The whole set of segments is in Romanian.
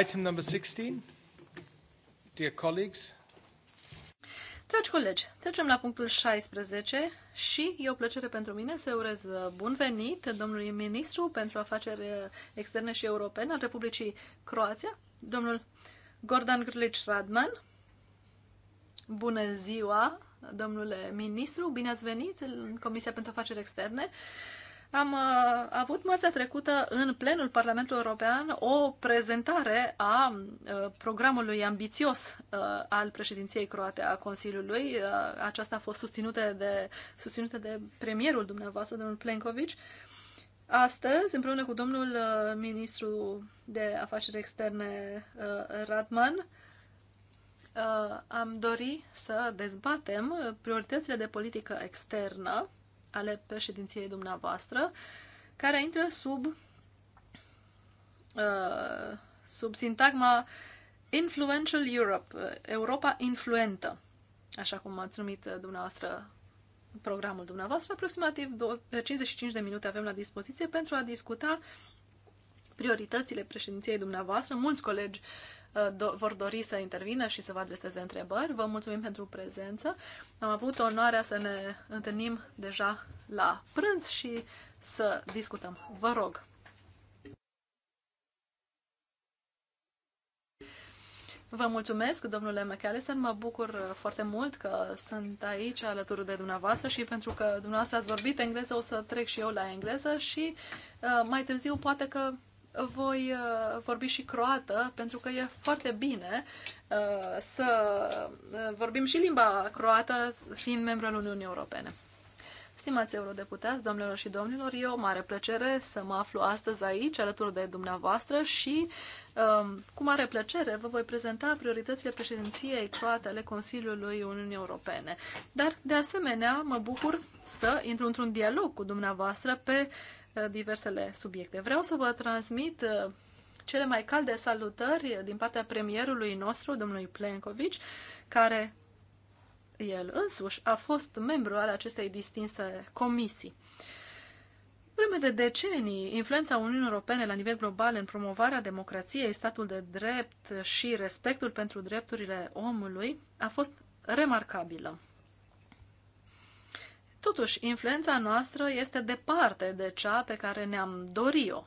Item number 16. Dear colleagues. Dragi colegi, trecem la punctul 16 și e o plăcere pentru mine să urez bun venit domnului ministru pentru afaceri externe și europene al Republicii Croația, domnul Gordon Grlic Radman. Bună ziua, domnule ministru, bine ați venit în Comisia pentru Afaceri Externe. Uh, am uh, avut marțea trecută în plenul Parlamentului European o prezentare a uh, programului ambițios uh, al președinției croate a Consiliului. Uh, aceasta a fost susținută de, susținută de premierul dumneavoastră, domnul Plenković. Astăzi, împreună cu domnul uh, ministru de afaceri externe uh, Radman, uh, am dori să dezbatem prioritățile de politică externă ale președinției dumneavoastră, care intră sub, uh, sub sintagma Influential Europe, Europa influentă, așa cum ați numit dumneavoastră programul dumneavoastră. Aproximativ 55 de minute avem la dispoziție pentru a discuta prioritățile președinției dumneavoastră. Mulți colegi Uh, do- vor dori să intervină și să vă adreseze întrebări. Vă mulțumim pentru prezență. Am avut onoarea să ne întâlnim deja la prânz și să discutăm. Vă rog! Vă mulțumesc, domnule McAllister. Mă bucur uh, foarte mult că sunt aici alături de dumneavoastră și pentru că dumneavoastră ați vorbit engleză, o să trec și eu la engleză și uh, mai târziu poate că voi uh, vorbi și croată, pentru că e foarte bine uh, să uh, vorbim și limba croată, fiind membru al Uniunii Europene. Stimați eurodeputați, domnilor și domnilor, e o mare plăcere să mă aflu astăzi aici, alături de dumneavoastră și um, cu mare plăcere vă voi prezenta prioritățile președinției croate ale Consiliului Uniunii Europene. Dar, de asemenea, mă bucur să intru într-un dialog cu dumneavoastră pe uh, Eh, diversele subiecte. Vreau să vă transmit eh, cele mai calde salutări din partea premierului nostru, domnului Plenković, care el însuși a fost membru al acestei distinse comisii. Vreme de decenii, influența Uniunii Europene la nivel global în promovarea democrației, statul de drept și respectul pentru drepturile omului a fost remarcabilă. Totuși, influența noastră este departe de cea pe care ne-am dorit-o.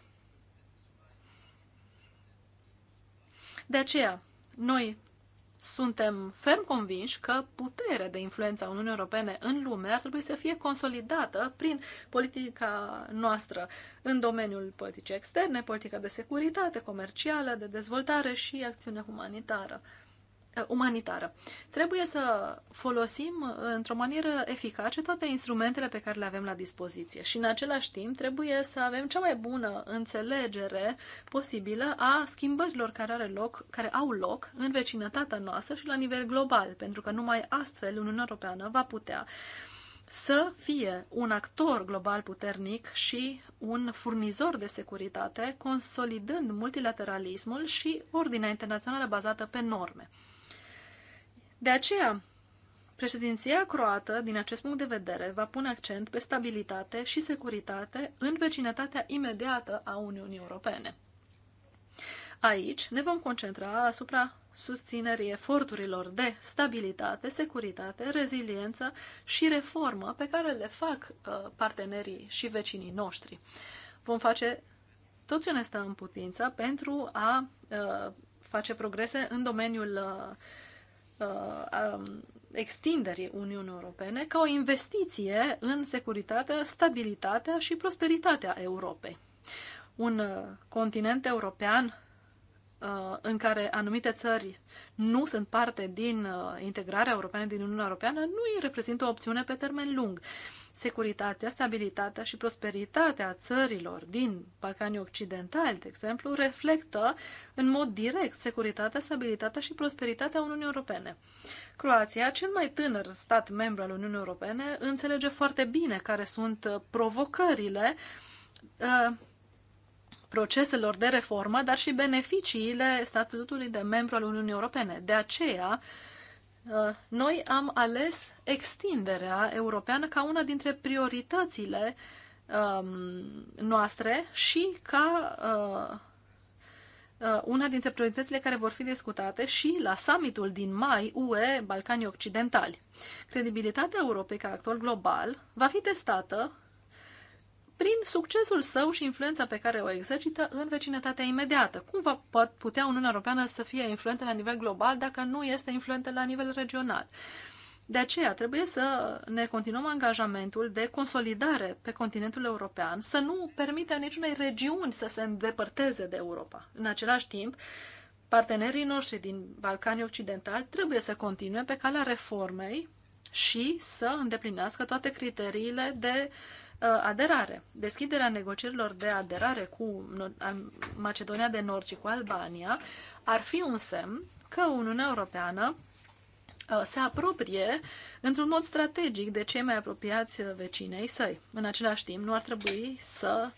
De aceea, noi suntem ferm convinși că puterea de influență a Uniunii Europene în lume ar trebui să fie consolidată prin politica noastră în domeniul politicii externe, politica de securitate, comercială, de dezvoltare și acțiune humanitară. Eh, umanitară. Trebuie să folosim eh, într-o manieră eficace toate instrumentele pe care le avem la dispoziție și în același timp trebuie să avem cea mai bună înțelegere posibilă a schimbărilor care, are loc, care au loc în vecinătatea noastră și la nivel global, pentru că numai astfel Uniunea Europeană va putea să fie un actor global puternic și un furnizor de securitate, consolidând multilateralismul și ordinea internațională bazată pe norme. De aceea, președinția croată, din acest punct de vedere, va pune accent pe stabilitate și securitate în vecinătatea imediată a Uniunii Europene. Aici ne vom concentra asupra susținerii eforturilor de stabilitate, securitate, reziliență și reformă pe care le fac uh, partenerii și vecinii noștri. Vom face tot ce ne stă în putință pentru a uh, face progrese în domeniul uh, Uh, um, extinderii Uniunii Europene ca o investiție în securitatea, stabilitatea și prosperitatea Europei. Un uh, continent european Uh, în care anumite țări nu sunt parte din uh, integrarea europeană, din Uniunea Europeană, nu îi reprezintă o opțiune pe termen lung. Securitatea, stabilitatea și prosperitatea țărilor din Balcanii Occidentali, de exemplu, reflectă în mod direct securitatea, stabilitatea și prosperitatea Uniunii Europene. Croația, cel mai tânăr stat membru al Uniunii Europene, înțelege foarte bine care sunt uh, provocările uh, proceselor de reformă, dar și beneficiile statutului de membru al Uniunii Europene. De aceea, uh, noi am ales extinderea europeană ca una dintre prioritățile um, noastre și ca uh, uh, una dintre prioritățile care vor fi discutate și la summitul din mai UE Balcanii Occidentali. Credibilitatea Europei ca actor global va fi testată prin succesul său și influența pe care o exercită în vecinătatea imediată. Cum va putea Uniunea Europeană să fie influentă la nivel global dacă nu este influentă la nivel regional? De aceea trebuie să ne continuăm angajamentul de consolidare pe continentul european, să nu permitem niciunei regiuni să se îndepărteze de Europa. În același timp, partenerii noștri din Balcanii Occidentali trebuie să continue pe calea reformei și să îndeplinească toate criteriile de uh, Uh, aderare. Deschiderea negocierilor de aderare cu Macedonia de Nord și cu Albania ar fi un semn că Uniunea Europeană uh, se apropie într-un mod strategic de cei mai apropiați vecinei săi. În același timp, nu ar trebui să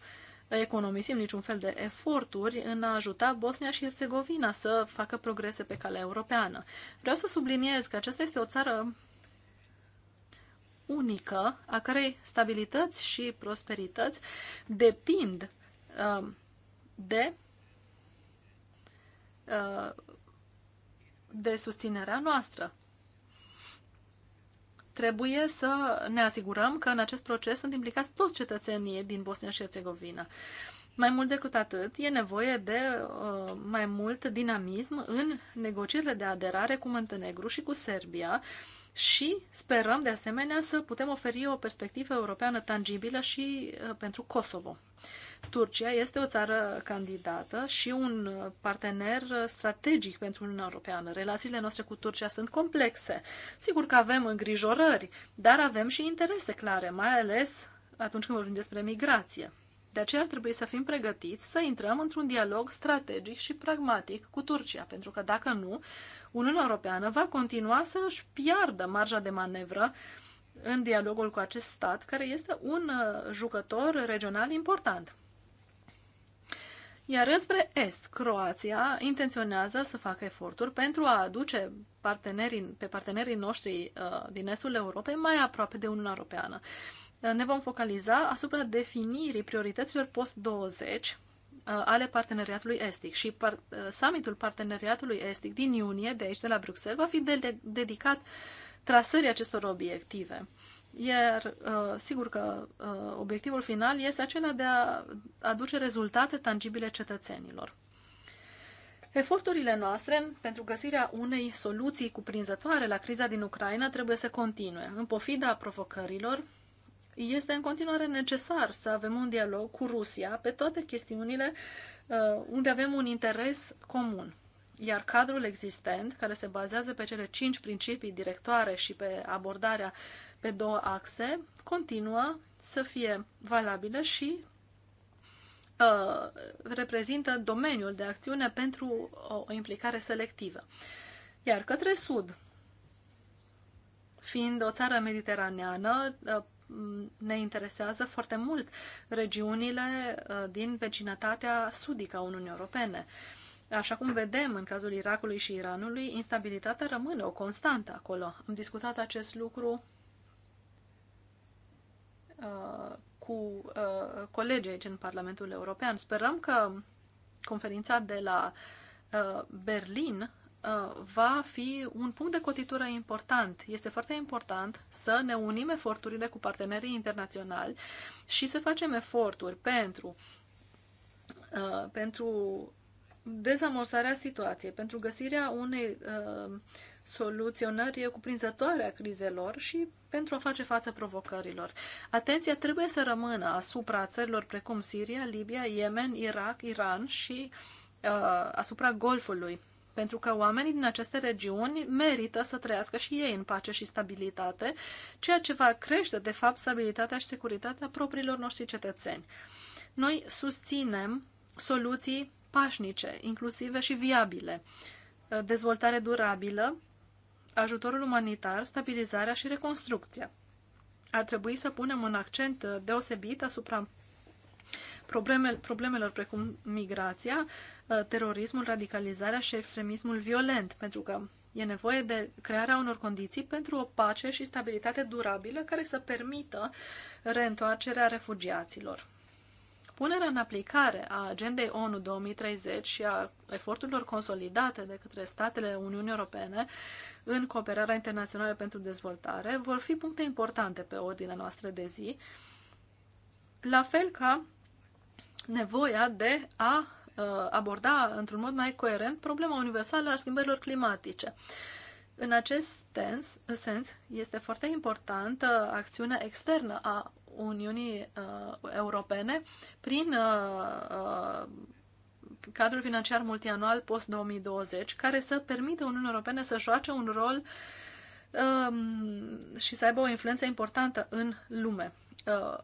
economisim niciun fel de eforturi în a ajuta Bosnia și Herțegovina să facă progrese pe calea europeană. Vreau să subliniez că aceasta este o țară unică, a cărei stabilități și prosperități depind um, de, uh, de susținerea noastră. Trebuie să ne asigurăm că în acest proces sunt implicați toți cetățenii din Bosnia și Herțegovina. Mai mult decât atât, e nevoie de uh, mai mult dinamism în negocierile de aderare cu Muntenegru și cu Serbia, uh, și sperăm, de asemenea, să putem oferi o perspectivă europeană tangibilă și uh, pentru Kosovo. Turcia este o țară candidată și un partener strategic pentru Uniunea Europeană. Relațiile noastre cu Turcia sunt complexe. Sigur că avem îngrijorări, dar avem și interese clare, mai ales atunci când vorbim despre migrație. De aceea ar trebui să fim pregătiți să intrăm într-un dialog strategic și pragmatic cu Turcia, pentru că dacă nu, Uniunea Europeană va continua să își piardă marja de manevră în dialogul cu acest stat, care este un uh, jucător regional important. Iar înspre Est, Croația intenționează să facă eforturi pentru a aduce partenerii, pe partenerii noștri uh, din Estul Europei mai aproape de Uniunea Europeană ne vom focaliza asupra definirii priorităților post-20 uh, ale parteneriatului estic și par, uh, summitul parteneriatului estic din iunie de aici, de la Bruxelles, va fi de, dedicat trasării acestor obiective. Iar uh, sigur că obiectivul final este acela de a aduce rezultate tangibile cetățenilor. Eforturile noastre pentru găsirea unei soluții cuprinzătoare la criza din Ucraina trebuie să continue, în pofida provocărilor este în continuare necesar să avem un dialog cu Rusia pe toate chestiunile uh, unde avem un interes comun. Iar cadrul existent, care se bazează pe cele cinci principii directoare și pe abordarea pe două axe, continuă să fie valabilă și uh, reprezintă domeniul de acțiune pentru o, o implicare selectivă. Iar către sud, fiind o țară mediteraneană, uh, ne interesează foarte mult regiunile uh, din vecinătatea sudică a Uniunii Europene. Așa cum vedem în cazul Irakului și Iranului, instabilitatea rămâne o constantă acolo. Am discutat acest lucru uh, cu uh, colegii aici în Parlamentul European. Sperăm că conferința de la uh, Berlin Uh, va fi un punct de cotitură important. Este foarte important să ne unim eforturile cu partenerii internaționali și să facem eforturi pentru, uh, pentru dezamorsarea situației, pentru găsirea unei uh, soluționări cuprinzătoare a crizelor și pentru a face față provocărilor. Atenția trebuie să rămână asupra țărilor precum Siria, Libia, Yemen, Irak, Iran și uh, asupra Golfului pentru că oamenii din aceste regiuni merită să trăiască și ei în pace și stabilitate, ceea ce va crește, de fapt, stabilitatea și securitatea propriilor noștri cetățeni. Noi susținem soluții pașnice, inclusive și viabile, dezvoltare durabilă, ajutorul umanitar, stabilizarea și reconstrucția. Ar trebui să punem un accent deosebit asupra problemelor precum migrația, Uh, terorismul, radicalizarea și extremismul violent, pentru că e nevoie de crearea unor condiții pentru o pace și stabilitate durabilă care să permită reîntoarcerea refugiaților. Punerea în aplicare a Agendei ONU 2030 și a eforturilor consolidate de către statele Uniunii Europene în cooperarea internațională pentru dezvoltare vor fi puncte importante pe ordinea noastră de zi, la fel ca nevoia de a Uh, aborda într-un mod mai coerent problema universală a schimbărilor climatice. În acest sens, sens este foarte importantă acțiunea externă a Uniunii uh, Europene prin uh, uh, cadrul financiar multianual post-2020, care să permită Uniunii Europene să joace un rol um, și să aibă o influență importantă în lume. Uh,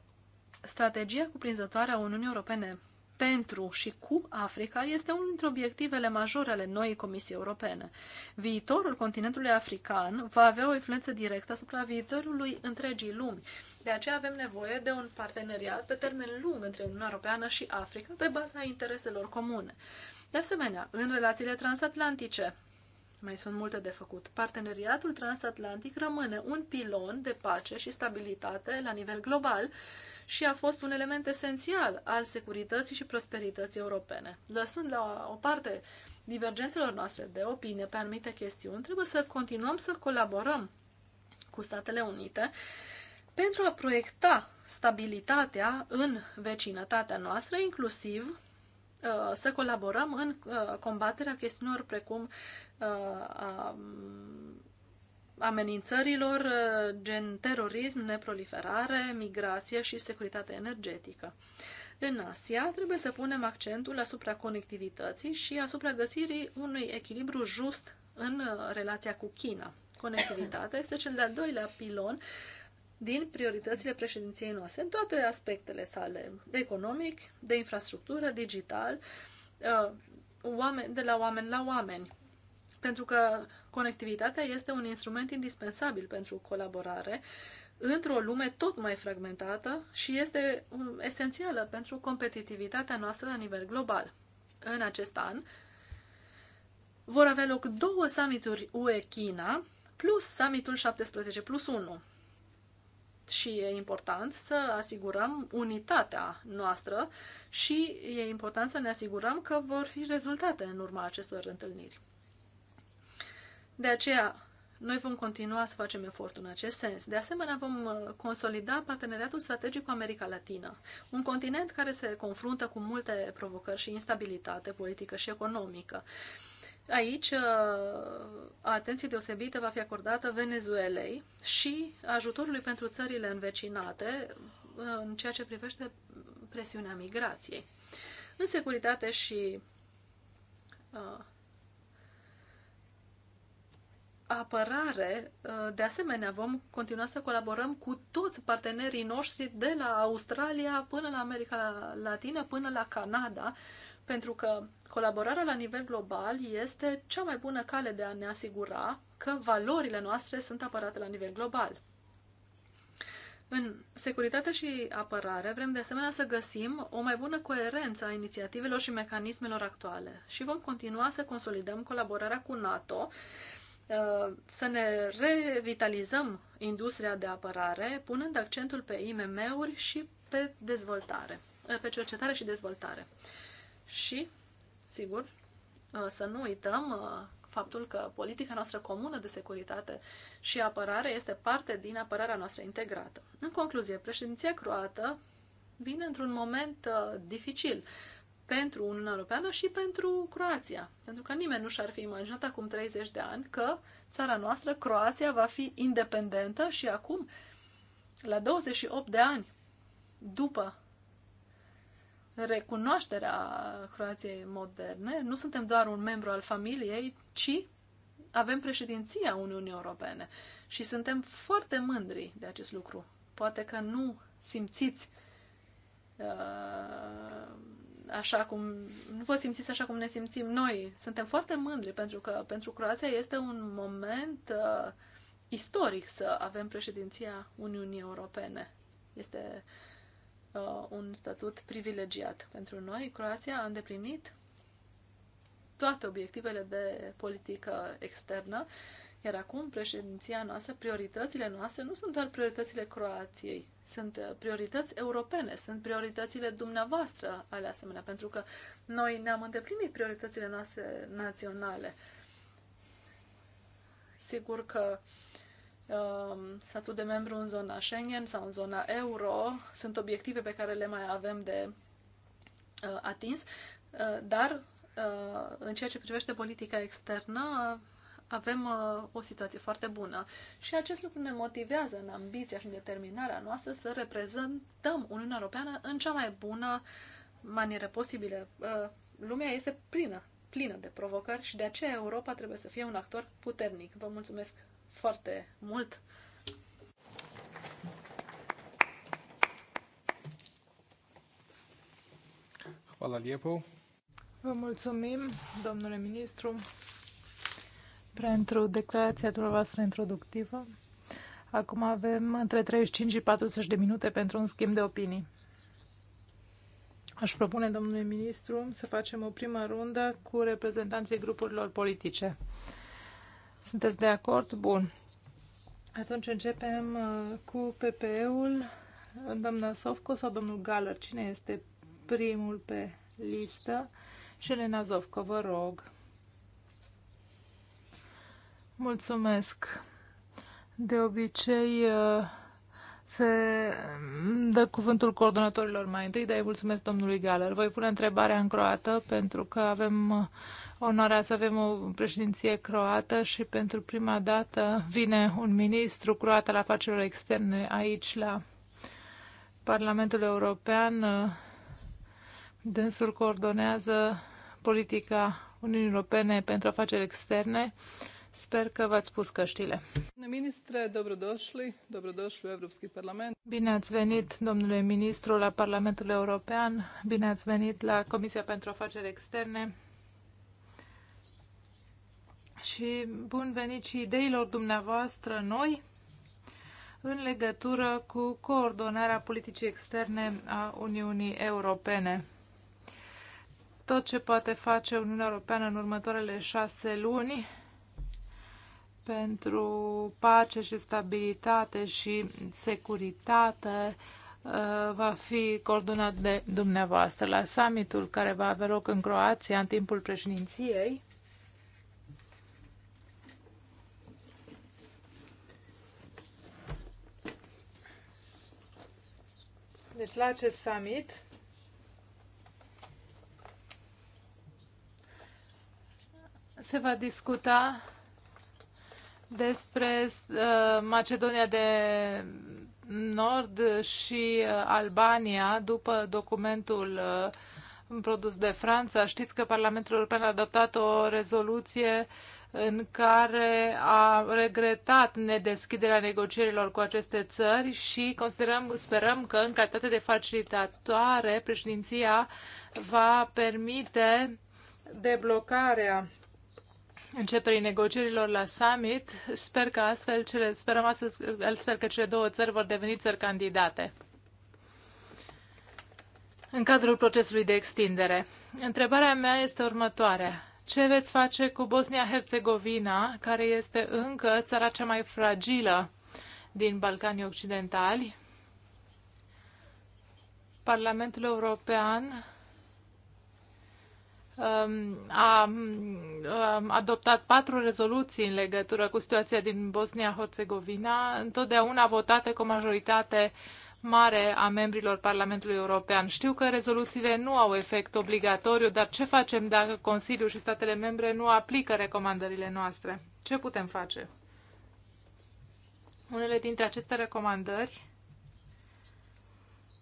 strategia cuprinzătoare a Uniunii Europene pentru și cu Africa este unul dintre obiectivele majore ale noii Comisii Europene. Viitorul continentului african va avea o influență directă asupra viitorului întregii lumi. De aceea avem nevoie de un parteneriat pe termen lung între Uniunea Europeană și Africa pe baza intereselor comune. De asemenea, în relațiile transatlantice, mai sunt multe de făcut. Parteneriatul transatlantic rămâne un pilon de pace și stabilitate la nivel global și a fost un element esențial al securității și prosperității europene. Lăsând la o parte divergențelor noastre de opinie pe anumite chestiuni, trebuie să continuăm să colaborăm cu Statele Unite pentru a proiecta stabilitatea în vecinătatea noastră, inclusiv uh, să colaborăm în uh, combaterea chestiunilor precum uh, amenințărilor uh, gen terorism, neproliferare, migrație și securitate energetică. În Asia trebuie să punem accentul asupra conectivității și asupra găsirii unui echilibru just în uh, relația cu China. Conectivitatea este cel de-al doilea pilon din prioritățile președinției noastre, în toate aspectele sale, de economic, de infrastructură, digital, uh, oameni, de la oameni la oameni. Pentru că Conectivitatea este un instrument indispensabil pentru colaborare într-o lume tot mai fragmentată și este um, esențială pentru competitivitatea noastră la nivel global. În acest an vor avea loc două summituri UE-China plus summitul 17 plus 1. Și e important să asigurăm unitatea noastră și e important să ne asigurăm că vor fi rezultate în urma acestor întâlniri. De aceea, noi vom continua să facem efortul în acest sens. De asemenea, vom uh, consolida parteneriatul strategic cu America Latină, un continent care se confruntă cu multe provocări și instabilitate politică și economică. Aici, uh, atenție deosebită va fi acordată Venezuelei și ajutorului pentru țările învecinate uh, în ceea ce privește presiunea migrației. În securitate și apărare, uh, de asemenea, vom continua să colaborăm cu toți partenerii noștri de la Australia până la America Latină, până la Canada, pentru că colaborarea la nivel global este cea mai bună cale de a ne asigura că valorile noastre sunt apărate la nivel global. În securitate și apărare vrem de asemenea să găsim o mai bună coerență a inițiativelor și mecanismelor actuale și vom continua să consolidăm colaborarea cu NATO Uh, să ne revitalizăm industria de apărare, punând accentul pe IMM-uri și pe dezvoltare, uh, pe cercetare și dezvoltare. Și, sigur, uh, să nu uităm faptul că politica noastră comună de securitate și apărare este parte din apărarea noastră integrată. În concluzie, președinția croată vine într-un moment dificil pentru Uniunea Europeană și pentru Croația. Pentru că nimeni nu și-ar fi imaginat acum 30 de ani că țara noastră, Croația, va fi independentă și acum, la 28 de ani după recunoașterea Croației moderne, nu suntem doar un membru al familiei, ci avem președinția Uniunii Europene și suntem foarte mândri de acest lucru. Poate că nu simțiți uh, așa cum, nu vă simțiți așa cum ne simțim noi. Suntem foarte mândri pentru că pentru Croația este un moment uh, istoric să avem președinția Uniunii Europene. Este uh, un statut privilegiat pentru noi. Croația a îndeplinit toate obiectivele de politică externă. Uh, iar acum, președinția noastră, prioritățile noastre nu sunt doar prioritățile Croației, sunt uh, priorități europene, sunt prioritățile dumneavoastră ale asemenea, pentru că noi ne-am îndeplinit prioritățile noastre naționale. Sigur că uh, statul de membru în zona Schengen sau în zona euro sunt obiective pe care le mai avem de uh, atins, uh, dar uh, în ceea ce privește politica externă, avem uh, o situație foarte bună. Și acest lucru ne motivează în ambiția și în determinarea noastră să reprezentăm Uniunea Europeană în cea mai bună manieră posibilă. Uh, lumea este plină, plină de provocări și de aceea Europa trebuie să fie un actor puternic. Vă mulțumesc foarte mult! Vă mulțumim, domnule ministru pentru declarația dumneavoastră introductivă. Acum avem între 35 și 40 de minute pentru un schimb de opinii. Aș propune, domnule ministru, să facem o primă rundă cu reprezentanții grupurilor politice. Sunteți de acord? Bun. Atunci începem uh, cu PPE-ul, doamna Sofco sau domnul Galăr, Cine este primul pe listă? Și Elena Zofco, vă rog. Mulțumesc. De obicei uh, se mm, dă cuvântul coordonatorilor mai întâi, dar îi mulțumesc domnului Galer. Voi pune întrebarea în croată pentru că avem uh, onoarea să avem o președinție croată și pentru prima dată vine un ministru croat al afacerilor externe aici la Parlamentul European. Uh, dânsul coordonează politica Uniunii Europene pentru afaceri externe Sper că v-ați pus căștile. Ministre, Europski parlament. Bine ați venit, domnule ministru, la Parlamentul European. Bine ați venit la Comisia pentru Afaceri Externe. Și bun venit și ideilor dumneavoastră noi în legătură cu coordonarea politicii externe a Uniunii Europene tot ce poate face Uniunea Europeană în următoarele șase luni pentru pace și stabilitate și securitate uh, va fi coordonat de dumneavoastră la summitul care va avea loc în Croația în timpul președinției. Deci la acest summit se va discuta despre uh, Macedonia de Nord și uh, Albania după documentul uh, produs de Franța. Știți că Parlamentul European a adoptat o rezoluție în care a regretat nedeschiderea negocierilor cu aceste țări și considerăm, sperăm că în calitate de facilitatoare președinția va permite deblocarea începerii negocierilor la summit. Sper că astfel cele, sperăm astfel sper că cele două țări vor deveni țări candidate în cadrul procesului de extindere. Întrebarea mea este următoarea. Ce veți face cu Bosnia-Herzegovina, care este încă țara cea mai fragilă din Balcanii Occidentali? Parlamentul European Um, a um, adoptat patru rezoluții în legătură cu situația din Bosnia-Herzegovina, întotdeauna votate cu majoritate mare a membrilor Parlamentului European. Știu că rezoluțiile nu au efect obligatoriu, dar ce facem dacă Consiliul și statele membre nu aplică recomandările noastre? Ce putem face? Unele dintre aceste recomandări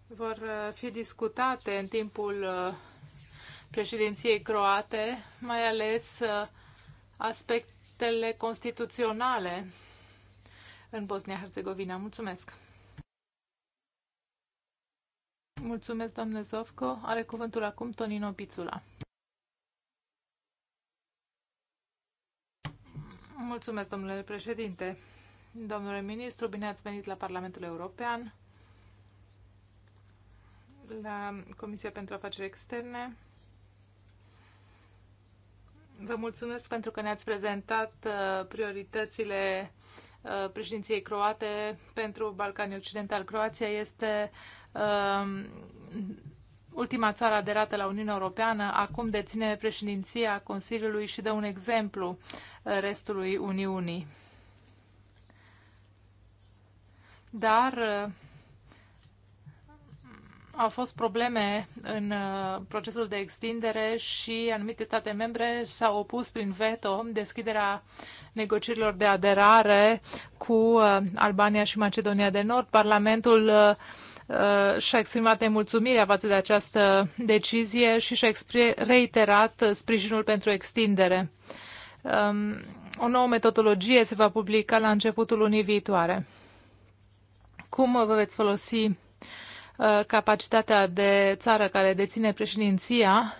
vor uh, fi discutate în timpul uh, președinției croate, mai ales uh, aspectele constituționale în Bosnia-Herzegovina. Mulțumesc! Mulțumesc, doamne Zovco. Are cuvântul acum Tonino Pițula. Mulțumesc, domnule președinte. Domnule ministru, bine ați venit la Parlamentul European, la Comisia pentru Afaceri Externe. Vă mulțumesc pentru că ne-ați prezentat uh, prioritățile uh, președinției croate pentru Balcanii Occidental. Croația este um, ultima țară aderată la Uniunea Europeană, acum deține președinția Consiliului și dă un exemplu uh, restului Uniunii. Dar au fost probleme în uh, procesul de extindere și anumite state membre s-au opus prin veto deschiderea negocierilor de aderare cu uh, Albania și Macedonia de Nord. Parlamentul uh, și-a exprimat nemulțumirea față de această decizie și și-a reiterat sprijinul pentru extindere. Um, o nouă metodologie se va publica la începutul lunii viitoare. Cum vă veți folosi Uh, capacitatea de țară care deține președinția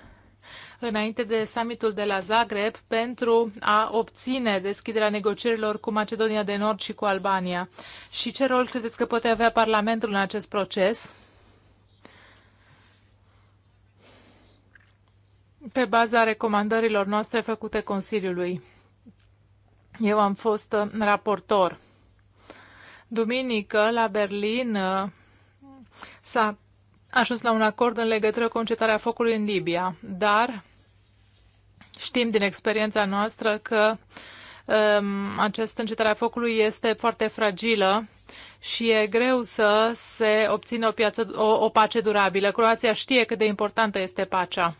înainte de summitul de la Zagreb pentru a obține deschiderea negocierilor cu Macedonia de Nord și cu Albania. Și ce rol credeți că poate avea Parlamentul în acest proces? Pe baza recomandărilor noastre făcute Consiliului. Eu am fost uh, raportor. Duminică, la Berlin, uh, S-a ajuns la un acord în legătură cu încetarea focului în Libia, dar știm din experiența noastră că um, această încetare a focului este foarte fragilă și e greu să se obțină o, piață, o, o pace durabilă. Croația știe cât de importantă este pacea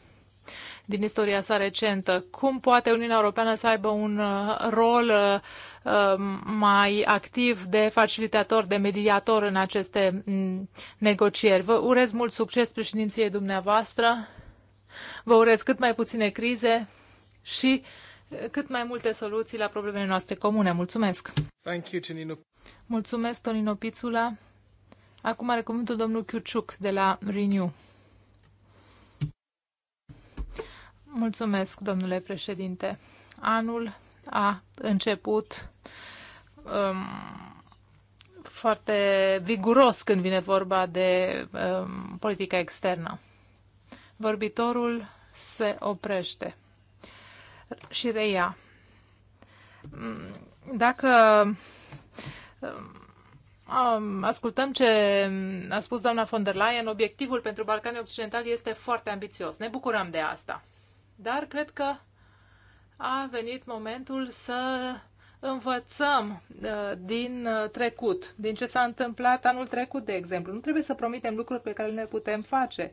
din istoria sa recentă. Cum poate Uniunea Europeană să aibă un uh, rol uh, Um, mai activ de facilitator, de mediator în aceste mm, negocieri. Vă urez mult succes președinției dumneavoastră, vă urez cât mai puține crize și uh, cât mai multe soluții la problemele noastre comune. Mulțumesc! Thank you, Tonino. Mulțumesc, Tonino Pițula. Acum are cuvântul domnul Chiuciuc de la Renew. Mulțumesc, domnule președinte. Anul a început um, foarte viguros când vine vorba de um, politica externă. Vorbitorul se oprește și reia. Mm, dacă um, ascultăm ce a spus doamna von der Leyen, obiectivul pentru Balcanii Occidentali este foarte ambițios. Ne bucurăm de asta. Dar cred că a venit momentul să învățăm uh, din uh, trecut, din ce s-a întâmplat anul trecut, de exemplu. Nu trebuie să promitem lucruri pe care le putem face.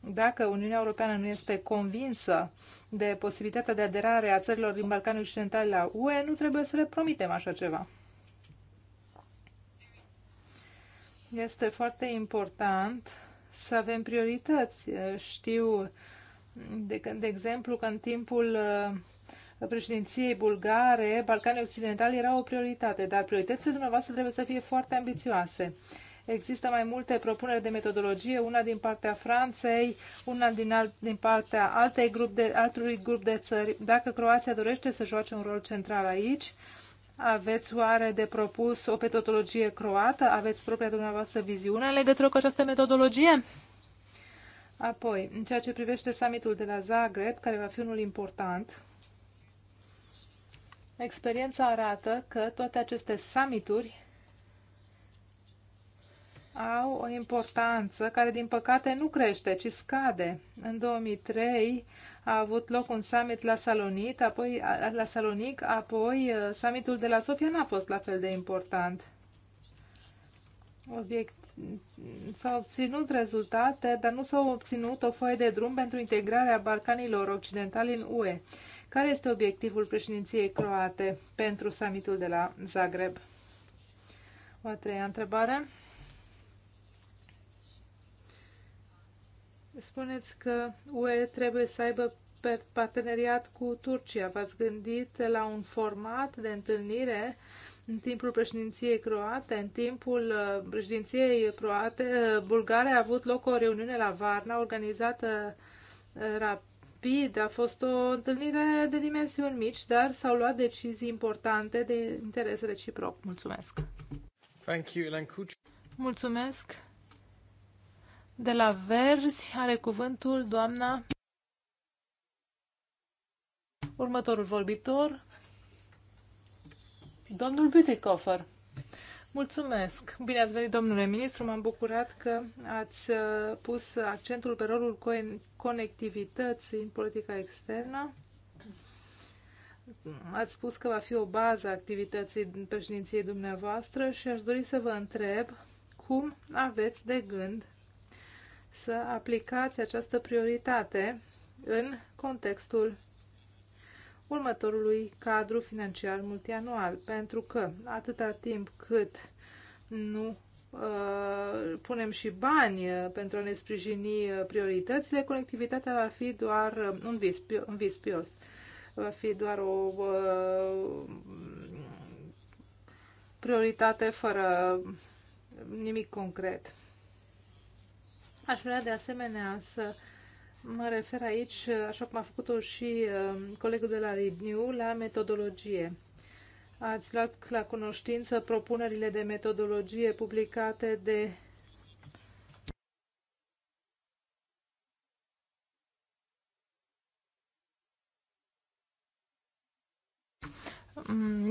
Dacă Uniunea Europeană nu este convinsă de posibilitatea de aderare a țărilor din Balcanii Occidentale la UE, nu trebuie să le promitem așa ceva. Este foarte important să avem priorități. Știu, de, de exemplu, că în timpul uh, președinției bulgare, Balcanii Occidentali era o prioritate, dar prioritățile dumneavoastră trebuie să fie foarte ambițioase. Există mai multe propuneri de metodologie, una din partea Franței, una din, alt, din partea altei grup de, altului grup de țări. Dacă Croația dorește să joace un rol central aici, aveți oare de propus o metodologie croată? Aveți propria dumneavoastră viziune în legătură cu această metodologie? Apoi, în ceea ce privește summitul de la Zagreb, care va fi unul important, Experiența arată că toate aceste summituri au o importanță care, din păcate, nu crește, ci scade. În 2003 a avut loc un summit la Salonic, apoi, la Salonic, apoi uh, summitul de la Sofia n-a fost la fel de important. Obiect... S-au obținut rezultate, dar nu s-au obținut o foaie de drum pentru integrarea Balcanilor Occidentali în UE. Care este obiectivul președinției croate pentru summitul de la Zagreb? O a treia întrebare. Spuneți că UE trebuie să aibă parteneriat cu Turcia. V-ați gândit la un format de întâlnire în timpul președinției croate, în timpul uh, președinției croate, uh, Bulgaria a avut loc o reuniune la Varna organizată uh, rapid rapid. A fost o întâlnire de dimensiuni mici, dar s-au luat decizii importante de interes reciproc. Mulțumesc! Thank you, Ilan Kuch. Mulțumesc! De la Verzi are cuvântul doamna următorul vorbitor, domnul Bütikofer. Mulțumesc! Bine ați venit, domnule ministru! M-am bucurat că ați uh, pus accentul pe rolul conectivității în politica externă. Ați spus că va fi o bază a activității președinției dumneavoastră și aș dori să vă întreb cum aveți de gând să aplicați această prioritate în contextul următorului cadru financiar multianual, pentru că atâta timp cât nu uh, punem și bani uh, pentru a ne sprijini uh, prioritățile, conectivitatea va fi doar uh, un vis, un vis pios. Va fi doar o uh, prioritate fără nimic concret. Aș vrea de asemenea să uh, Mă refer aici, așa cum a făcut-o și um, colegul de la Ridniu, la metodologie. Ați luat la cunoștință propunerile de metodologie publicate de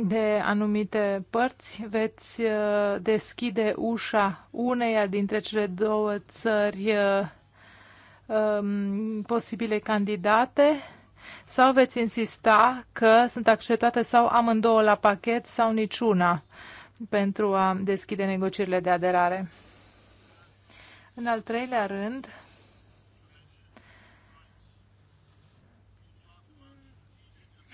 de anumite părți, veți uh, deschide ușa uneia dintre cele două țări uh, um, posibile candidate sau veți insista că sunt acceptate sau amândouă la pachet sau niciuna pentru a deschide negocierile de aderare? În al treilea rând,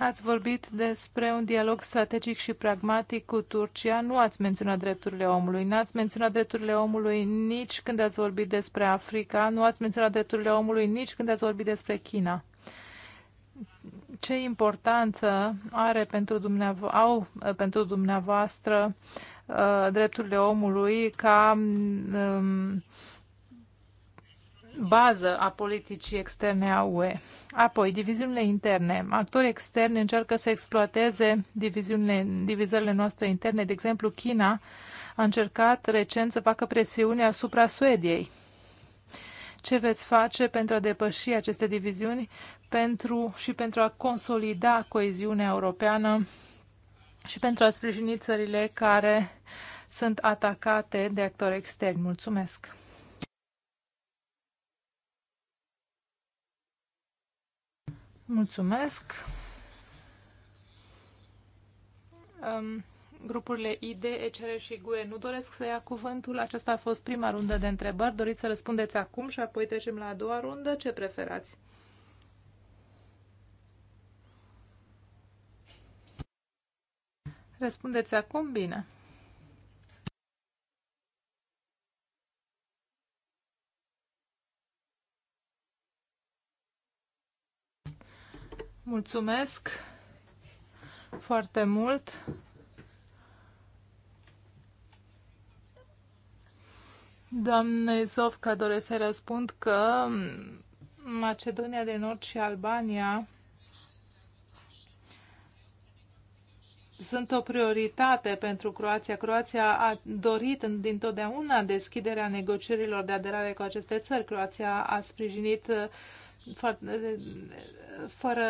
Ați vorbit despre un dialog strategic și pragmatic cu Turcia, nu ați menționat drepturile omului, nu ați menționat drepturile omului nici când ați vorbit despre Africa, nu ați menționat drepturile omului nici când ați vorbit despre China. Ce importanță are pentru dumneavo- au uh, pentru dumneavoastră uh, drepturile omului ca um, bază a politicii externe a UE. Apoi, diviziunile interne. Actori externi încearcă să exploateze diviziunile, divizările noastre interne. De exemplu, China a încercat recent să facă presiune asupra Suediei. Ce veți face pentru a depăși aceste diviziuni pentru, și pentru a consolida coeziunea europeană și pentru a sprijini țările care sunt atacate de actori externi? Mulțumesc! Mulțumesc. Um, grupurile ID, ECR și GUE nu doresc să ia cuvântul. Aceasta a fost prima rundă de întrebări. Doriți să răspundeți acum și apoi trecem la a doua rundă? Ce preferați? Răspundeți acum? Bine. Mulțumesc foarte mult. Doamne Zovca, doresc să răspund că Macedonia de Nord și Albania sunt o prioritate pentru Croația. Croația a dorit dintotdeauna deschiderea negocierilor de aderare cu aceste țări. Croația a sprijinit fără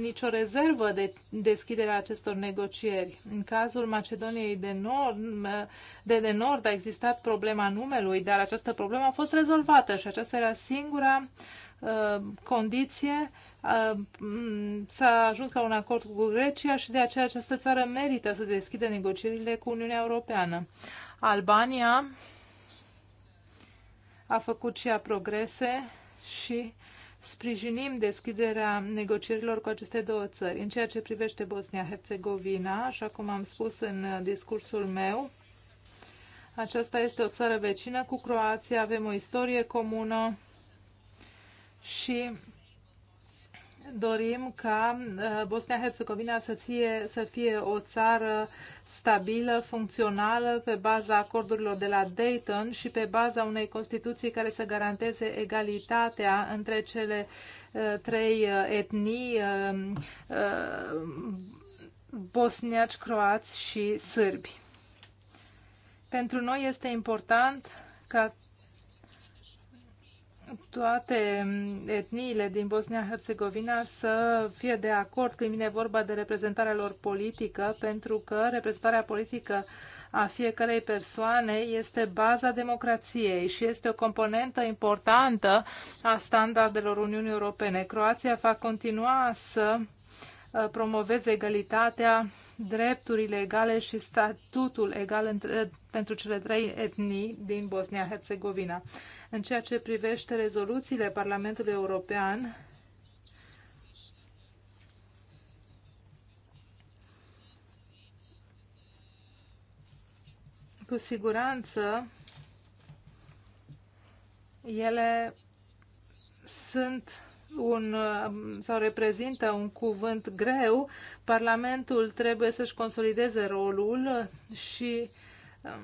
nicio rezervă de deschiderea acestor negocieri. În cazul Macedoniei de Nord, de, de Nord a existat problema numelui, dar această problemă a fost rezolvată și aceasta era singura uh, condiție. Uh, S-a ajuns la un acord cu Grecia și de aceea această țară merită să deschidă negocierile cu Uniunea Europeană. Albania a făcut și ea progrese și sprijinim deschiderea negocierilor cu aceste două țări. În ceea ce privește Bosnia-Herzegovina, așa cum am spus în discursul meu, aceasta este o țară vecină cu Croația, avem o istorie comună și dorim ca uh, Bosnia-Herzegovina să fie, să fie o țară stabilă, funcțională, pe baza acordurilor de la Dayton și pe baza unei Constituții care să garanteze egalitatea între cele uh, trei uh, etnii, bosniaci, croați și sârbi. Pentru noi este important ca toate etniile din Bosnia-Herzegovina să fie de acord când vine vorba de reprezentarea lor politică, pentru că reprezentarea politică a fiecarei persoane este baza democrației și este o componentă importantă a standardelor Uniunii Europene. Croația va continua să Uh, promoveze egalitatea, drepturile egale și statutul egal între, pentru cele trei etnii din Bosnia-Herzegovina. În ceea ce privește rezoluțiile Parlamentului European, cu siguranță ele sunt un, sau reprezintă un cuvânt greu, Parlamentul trebuie să-și consolideze rolul și um,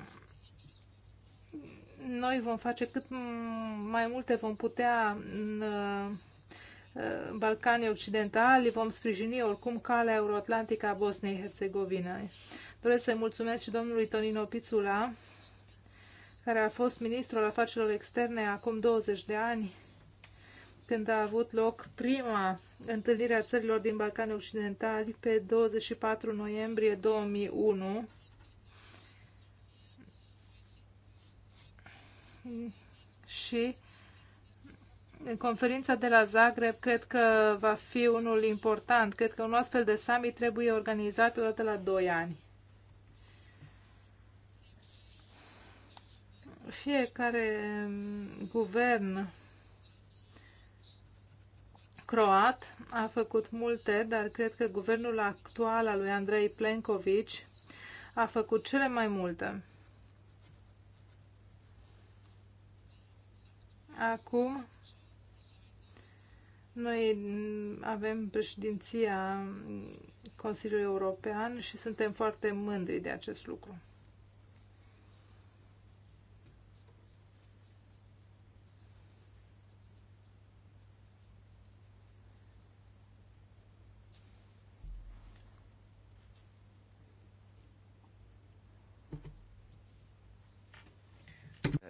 noi vom face cât mai multe vom putea în uh, Balcanii Occidentali, vom sprijini oricum calea euroatlantică a Bosniei-Herzegovinei. Doresc să-i mulțumesc și domnului Tonino Pițula, care a fost ministrul afacerilor externe acum 20 de ani când a avut loc prima întâlnire a țărilor din Balcanii Occidentali pe 24 noiembrie 2001. Și conferința de la Zagreb cred că va fi unul important. Cred că un astfel de summit trebuie organizat odată la 2 ani. Fiecare guvern croat a făcut multe, dar cred că guvernul actual al lui Andrei Plenković a făcut cele mai multe. Acum noi avem președinția Consiliului European și suntem foarte mândri de acest lucru.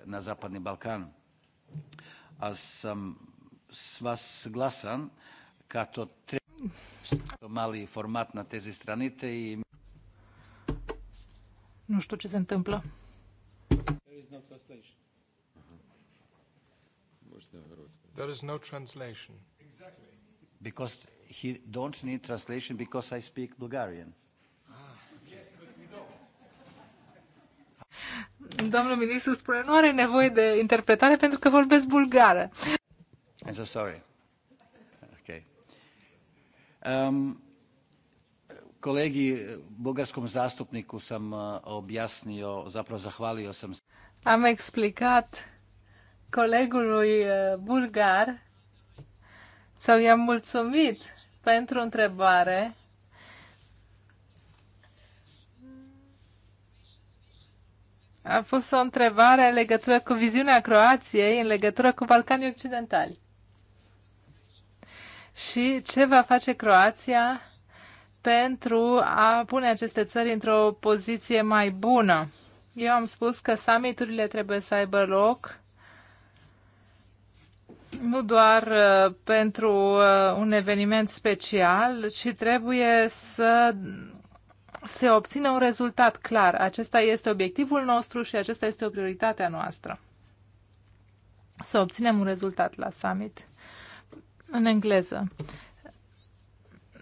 na Западный Балкан. Аз съм с вас съгласен, като трябва мали формат на тези страните и... Nu știu ce se întâmplă. There is no translation. There is no translation. Exactly. Because he don't need translation because I speak Bulgarian. domnul ministru spune, nu are nevoie de interpretare pentru că vorbesc bulgară. I'm so sorry. Okay. Um, colegii, bulgarskom zastupniku sam uh, objasnio, zapravo zahvalio sam. Am explicat colegului uh, bulgar sau i-am mulțumit pentru întrebare a pus o întrebare în legătură cu viziunea Croației, în legătură cu Balcanii Occidentali. Și ce va face Croația pentru a pune aceste țări într-o poziție mai bună? Eu am spus că summiturile trebuie să aibă loc nu doar uh, pentru uh, un eveniment special, ci trebuie să se obține un rezultat clar. Acesta este obiectivul nostru și acesta este o prioritate a noastră. Să obținem un rezultat la summit. În engleză.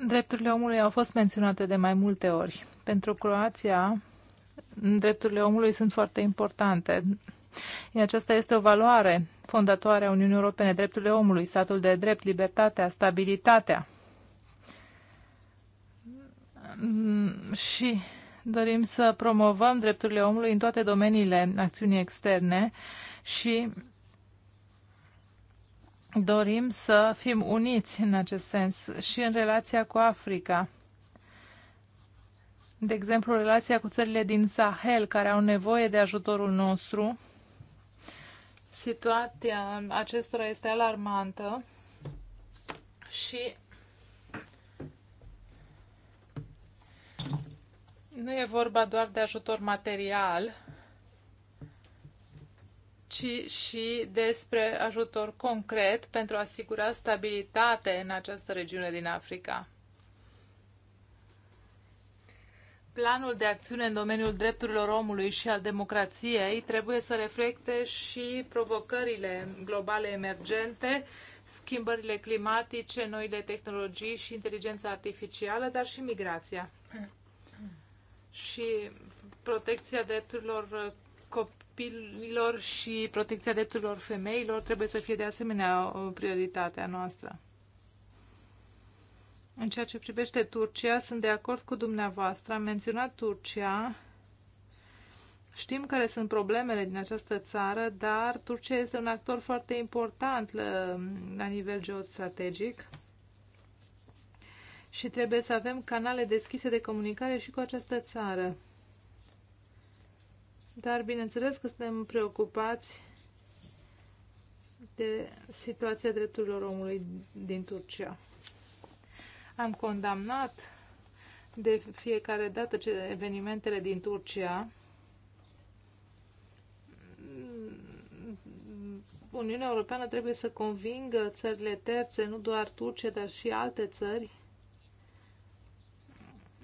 Drepturile omului au fost menționate de mai multe ori. Pentru Croația, drepturile omului sunt foarte importante. Aceasta este o valoare fondatoare a Uniunii Europene, drepturile omului, statul de drept, libertatea, stabilitatea. Mm, și dorim să promovăm drepturile omului în toate domeniile acțiunii externe și dorim să fim uniți în acest sens și în relația cu Africa. De exemplu, relația cu țările din Sahel, care au nevoie de ajutorul nostru. Situația acestora este alarmantă și Nu e vorba doar de ajutor material, ci și despre ajutor concret pentru a asigura stabilitate în această regiune din Africa. Planul de acțiune în domeniul drepturilor omului și al democrației trebuie să reflecte și provocările globale emergente, schimbările climatice, noile tehnologii și inteligența artificială, dar și migrația și protecția drepturilor copiilor și protecția drepturilor femeilor trebuie să fie de asemenea o prioritate a noastră. În ceea ce privește Turcia, sunt de acord cu dumneavoastră. Am menționat Turcia. Știm care sunt problemele din această țară, dar Turcia este un actor foarte important la, la nivel geostrategic și trebuie să avem canale deschise de comunicare și cu această țară. Dar bineînțeles că suntem preocupați de situația drepturilor omului din Turcia. Am condamnat de fiecare dată ce evenimentele din Turcia. Uniunea Europeană trebuie să convingă țările terțe, nu doar Turcia, dar și alte țări,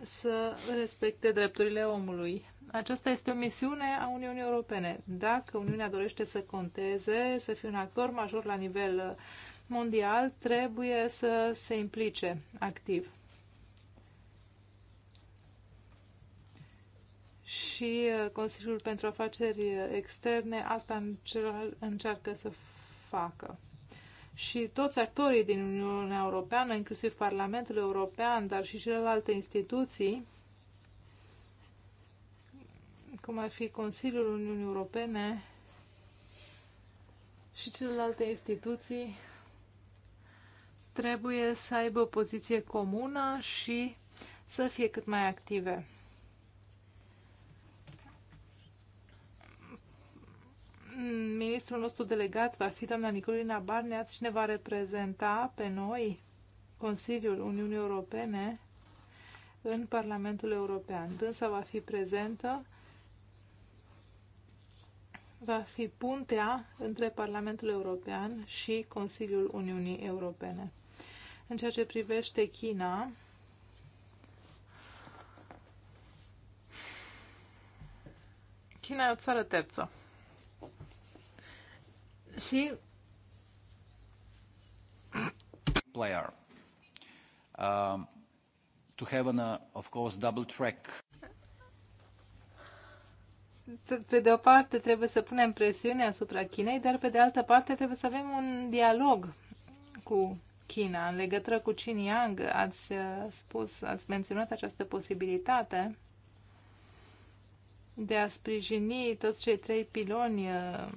să respecte drepturile omului. Aceasta este o misiune a Uniunii Europene. Dacă Uniunea dorește să conteze, să fie un actor major la nivel mondial, trebuie să se implice activ. Și uh, Consiliul pentru Afaceri Externe asta încearcă să facă și toți actorii din Uniunea Europeană, inclusiv Parlamentul European, dar și celelalte instituții, cum ar fi Consiliul Uniunii Europene și celelalte instituții, trebuie să aibă o poziție comună și să fie cât mai active. ministrul nostru delegat va fi doamna Nicolina Barneaț și ne va reprezenta pe noi Consiliul Uniunii Europene în Parlamentul European. Dânsa va fi prezentă, va fi puntea între Parlamentul European și Consiliul Uniunii Europene. În ceea ce privește China, China e o țară terță și player. Um, to have an, uh, of course, double track. Pe de o parte trebuie să punem presiune asupra Chinei, dar pe de altă parte trebuie să avem un dialog cu China. În legătură cu Xinjiang. ați uh, spus, ați menționat această posibilitate de a sprijini toți cei trei piloni uh,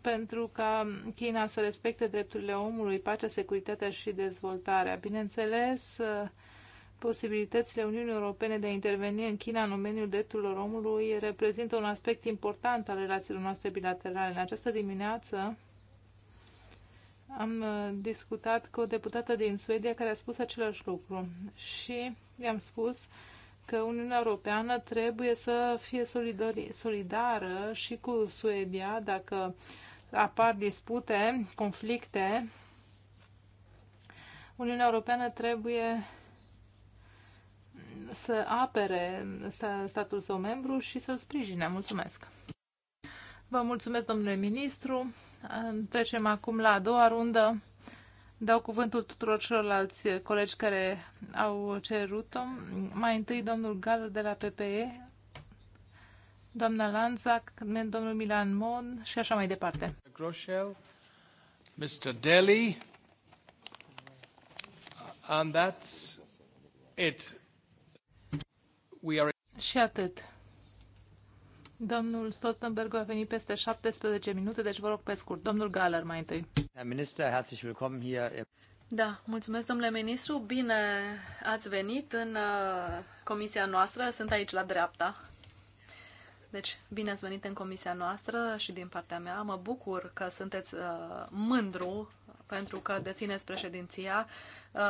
pentru ca China să respecte drepturile omului, pacea, securitatea și dezvoltarea. Bineînțeles, posibilitățile Uniunii Europene de a interveni în China în domeniul drepturilor omului reprezintă un aspect important al relațiilor noastre bilaterale. În această dimineață am uh, discutat cu o deputată din Suedia care a spus același lucru și i-am spus că Uniunea Europeană trebuie să fie solidară și cu Suedia dacă apar dispute, conflicte. Uniunea Europeană trebuie să apere statul său membru și să-l sprijine. Mulțumesc! Vă mulțumesc, domnule ministru. Trecem acum la a doua rundă Dau cuvântul tuturor celorlalți colegi care au cerut-o. Mai întâi domnul Gal de la PPE, doamna Lanzac, domnul Milan Mon și așa mai departe. Groschel, Mr. Deli, and that's it. We are... Și atât. Domnul Stoltenberg a venit peste 17 minute, deci vă rog pe scurt. Domnul Galler, mai întâi. Herr Minister, herzlich willkommen hier. Da, mulțumesc, domnule ministru. Bine ați venit în uh, comisia noastră. Sunt aici la dreapta. Deci, bine ați venit în comisia noastră și din partea mea. Mă bucur că sunteți uh, mândru pentru că dețineți președinția uh,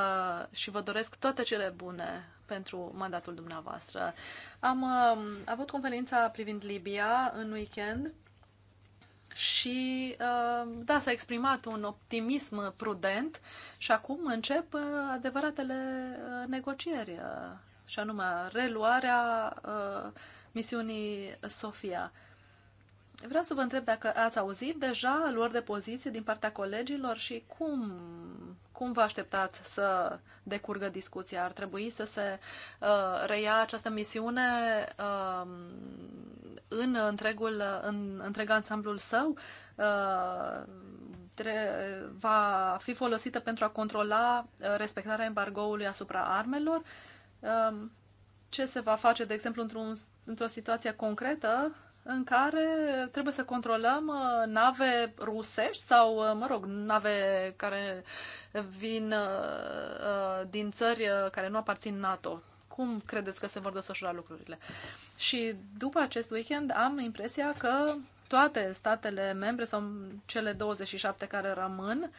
și vă doresc toate cele bune pentru mandatul dumneavoastră. Am uh, avut conferința privind Libia în weekend și, uh, da, s-a exprimat un optimism prudent și acum încep uh, adevăratele uh, negocieri, uh, și anume reluarea uh, misiunii Sofia. Vreau să vă întreb dacă ați auzit deja luări de poziție din partea colegilor și cum cum vă așteptați să decurgă discuția? Ar trebui să se uh, reia această misiune uh, în, întregul, în întreg ansamblul său? Uh, va fi folosită pentru a controla uh, respectarea embargoului asupra armelor? Uh, ce se va face, de exemplu, într-un, într-o situație concretă în care trebuie să controlăm uh, nave rusești sau, uh, mă rog, nave care vin uh, din țări care nu aparțin NATO. Cum credeți că se vor desfășura lucrurile? Și după acest weekend am impresia că toate statele membre sau cele 27 care rămân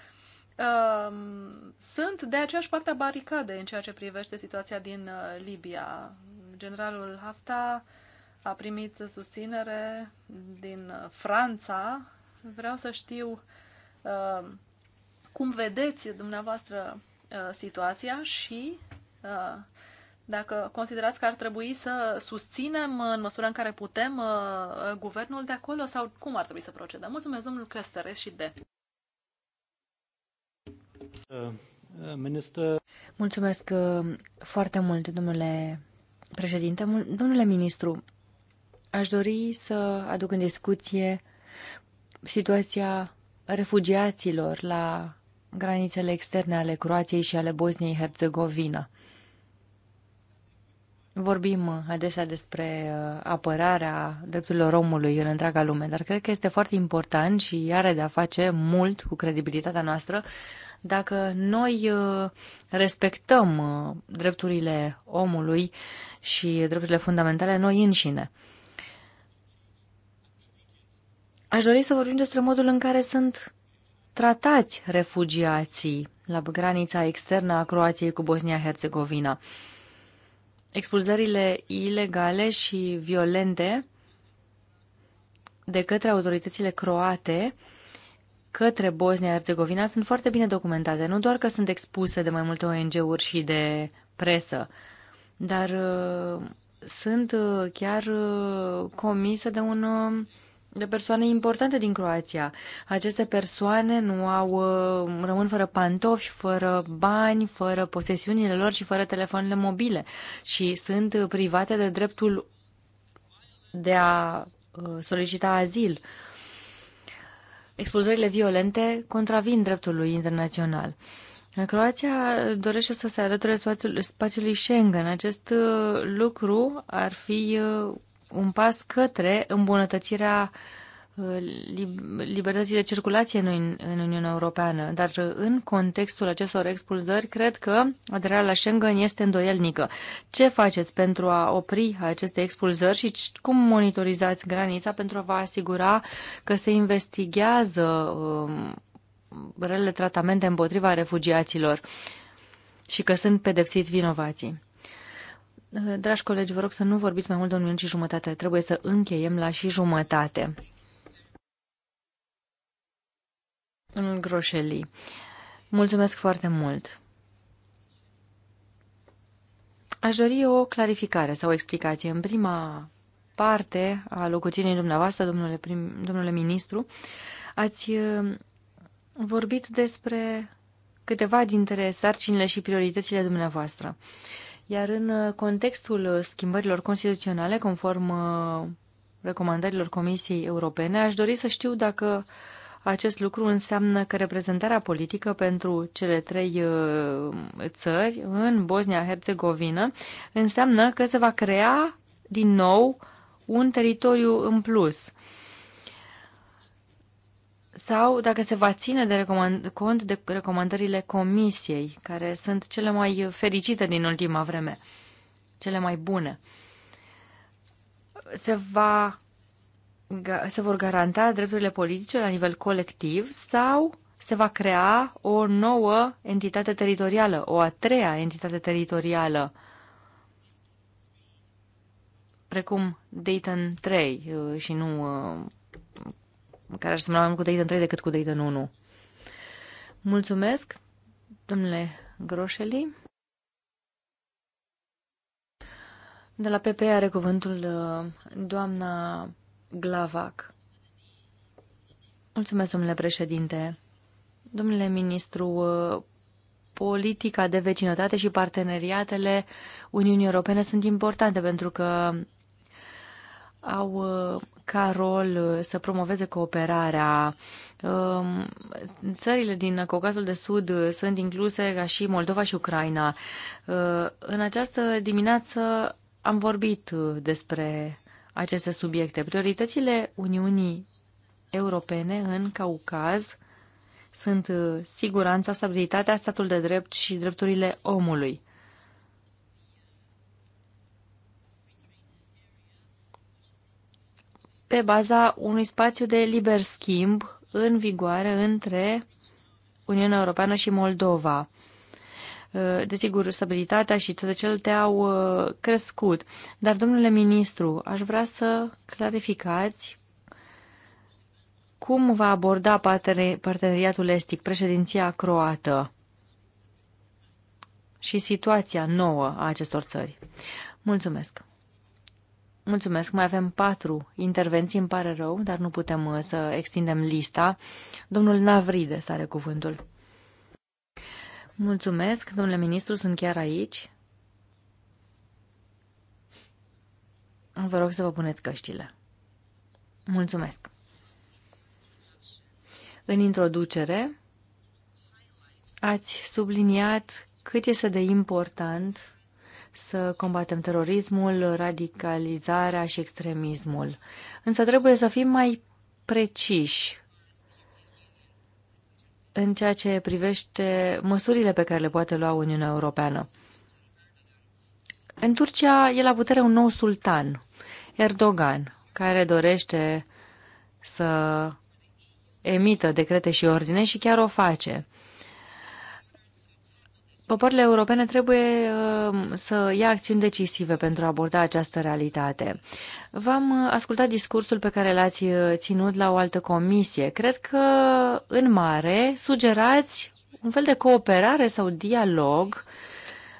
um, sunt de aceeași parte a baricadei în ceea ce privește situația din Libia. Generalul Haftar a primit susținere din Franța. Vreau să știu uh, cum vedeți dumneavoastră uh, situația și uh, dacă considerați că ar trebui să susținem în măsura în care putem guvernul de acolo sau cum ar trebui să procedăm. Mulțumesc, domnul Căstăres și de. Minister... Mulțumesc foarte mult, domnule președinte. Domnule ministru, Aș dori să aduc în discuție situația refugiaților la granițele externe ale Croației și ale Bosniei-Herzegovina. Vorbim adesea despre uh, apărarea drepturilor omului în întreaga lume, dar cred că este foarte important și are de-a face mult cu credibilitatea noastră dacă noi uh, respectăm uh, drepturile omului și drepturile fundamentale noi înșine. Aș dori să vorbim despre modul în care sunt tratați refugiații la granița externă a Croației cu Bosnia-Herzegovina. Expulzările ilegale și violente de către autoritățile croate către Bosnia-Herzegovina sunt foarte bine documentate. Nu doar că sunt expuse de mai multe ONG-uri și de presă, dar uh, sunt uh, chiar uh, comise de un uh, de persoane importante din Croația. Aceste persoane nu au uh, rămân fără pantofi, fără bani, fără posesiunile lor și fără telefoanele mobile și sunt private de dreptul de a uh, solicita azil. Expulzările violente contravin dreptului internațional. Croația dorește să se alăture spațiului Schengen. Acest uh, lucru ar fi un pas către îmbunătățirea uh, libertății de circulație în, Uniunea Europeană, dar uh, în contextul acestor expulzări, cred că aderarea la Schengen este îndoielnică. Ce faceți pentru a opri aceste expulzări și cum monitorizați granița pentru a vă asigura că se investigează um, rele tratamente împotriva refugiaților și că sunt pedepsiți vinovații? Eh, dragi colegi, vă rog să nu vorbiți mai mult de un minut și jumătate. Trebuie să încheiem la și jumătate. În Groșeli, mulțumesc foarte mult. Aș dori o clarificare sau o explicație. În prima parte a locuției dumneavoastră, domnule, prim, domnule ministru, ați eh, vorbit despre câteva dintre sarcinile și prioritățile dumneavoastră. Iar în uh, contextul uh, schimbărilor constituționale, conform uh, recomandărilor Comisiei Europene, aș dori să știu dacă acest lucru înseamnă că reprezentarea politică pentru cele trei țări în Bosnia-Herzegovină înseamnă că se va crea din nou un teritoriu în plus sau dacă se va ține de recomand- cont de recomandările comisiei, care sunt cele mai fericite din ultima vreme, cele mai bune. Se, va, se vor garanta drepturile politice la nivel colectiv sau se va crea o nouă entitate teritorială, o a treia entitate teritorială, precum Dayton 3 uh, și nu uh, care ar semna mai mult cu Dayton 3 decât cu Dayton 1. Mulțumesc, domnule Groșeli. De la PP are cuvântul uh, doamna Glavac. Mulțumesc, domnule președinte. Domnule ministru, uh, politica de vecinătate și parteneriatele Uniunii Europene sunt importante pentru că au uh, ca rol uh, să promoveze cooperarea. Um, țările din Caucazul de Sud uh, sunt incluse ca și Moldova și Ucraina. Uh, în această dimineață am vorbit despre aceste subiecte. Prioritățile Uniunii Europene în Caucaz sunt siguranța, stabilitatea, statul de drept și drepturile omului. pe baza unui spațiu de liber schimb în vigoare între Uniunea Europeană și Moldova. Uh, desigur, stabilitatea și toate celelalte au uh, crescut. Dar, domnule ministru, aș vrea să clarificați cum va aborda parteneriatul estic președinția croată și situația nouă a acestor țări. Mulțumesc! Mulțumesc, mai avem patru intervenții, îmi pare rău, dar nu putem uh, să extindem lista. Domnul Navride să are cuvântul. Mulțumesc, domnule ministru, sunt chiar aici. Vă rog să vă puneți căștile. Mulțumesc. În introducere, ați subliniat cât este de important să combatem terorismul, radicalizarea și extremismul. Însă trebuie să fim mai preciși în ceea ce privește măsurile pe care le poate lua Uniunea Europeană. În Turcia e la putere un nou sultan, Erdogan, care dorește să emită decrete și ordine și chiar o face. Popoarele europene trebuie uh, să ia acțiuni decisive pentru a aborda această realitate. V-am uh, ascultat discursul pe care l-ați uh, ținut la o altă comisie. Cred că, în mare, sugerați un fel de cooperare sau dialog,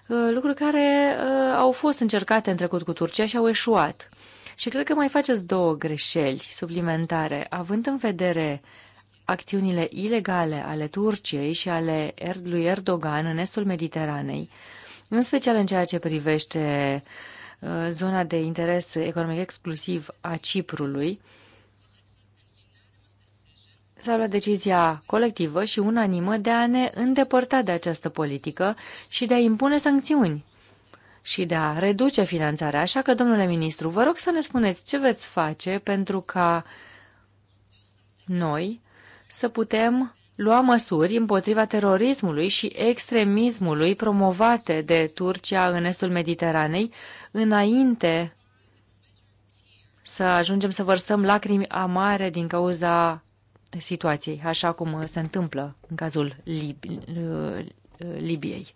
lucruri care au fost încercate în trecut cu Turcia și au eșuat. Și cred că mai faceți două greșeli suplimentare, având în vedere uh, acțiunile ilegale ale Turciei și ale lui Erdogan în estul Mediteranei, în special în ceea ce privește uh, zona de interes economic exclusiv a Ciprului, s-a luat decizia colectivă și unanimă de a ne îndepărta de această politică și de a impune sancțiuni și de a reduce finanțarea. Așa că, domnule ministru, vă rog să ne spuneți ce veți face pentru ca noi să putem lua măsuri împotriva terorismului și extremismului promovate de Turcia în estul Mediteranei, înainte să ajungem să vărsăm lacrimi amare din cauza situației, așa cum se întâmplă în cazul Lib- Libiei.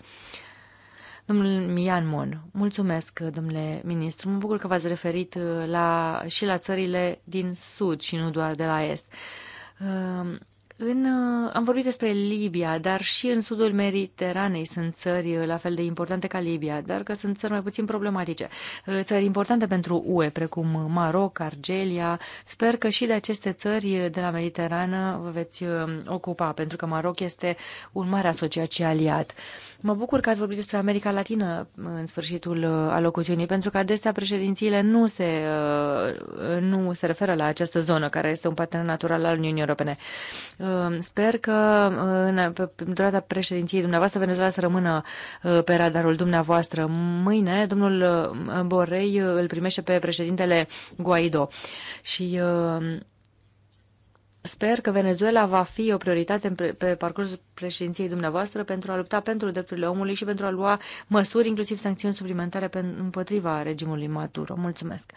Domnul Mian Mon, mulțumesc, domnule ministru. Mă bucur că v-ați referit la, și la țările din sud și nu doar de la est. În, am vorbit despre Libia, dar și în sudul Mediteranei sunt țări la fel de importante ca Libia, dar că sunt țări mai puțin problematice. Uh, țări importante pentru UE, precum Maroc, Argelia. Sper că și de aceste țări de la Mediterană vă veți uh, ocupa, pentru că Maroc este un mare asociat și aliat. Mă bucur că ați vorbit despre America Latină în sfârșitul uh, alocuțiunii, pentru că adesea președințiile nu se, uh, nu se referă la această zonă, care este un partener natural al Uniunii Europene. Uh, sper că în, durata președinției dumneavoastră Venezuela să rămână pe radarul dumneavoastră. Mâine, domnul Borrei îl primește pe președintele Guaido și Sper că Venezuela va fi o prioritate pe parcursul președinției dumneavoastră pentru a lupta pentru drepturile omului și pentru a lua măsuri, inclusiv sancțiuni suplimentare împotriva regimului Maduro. Mulțumesc!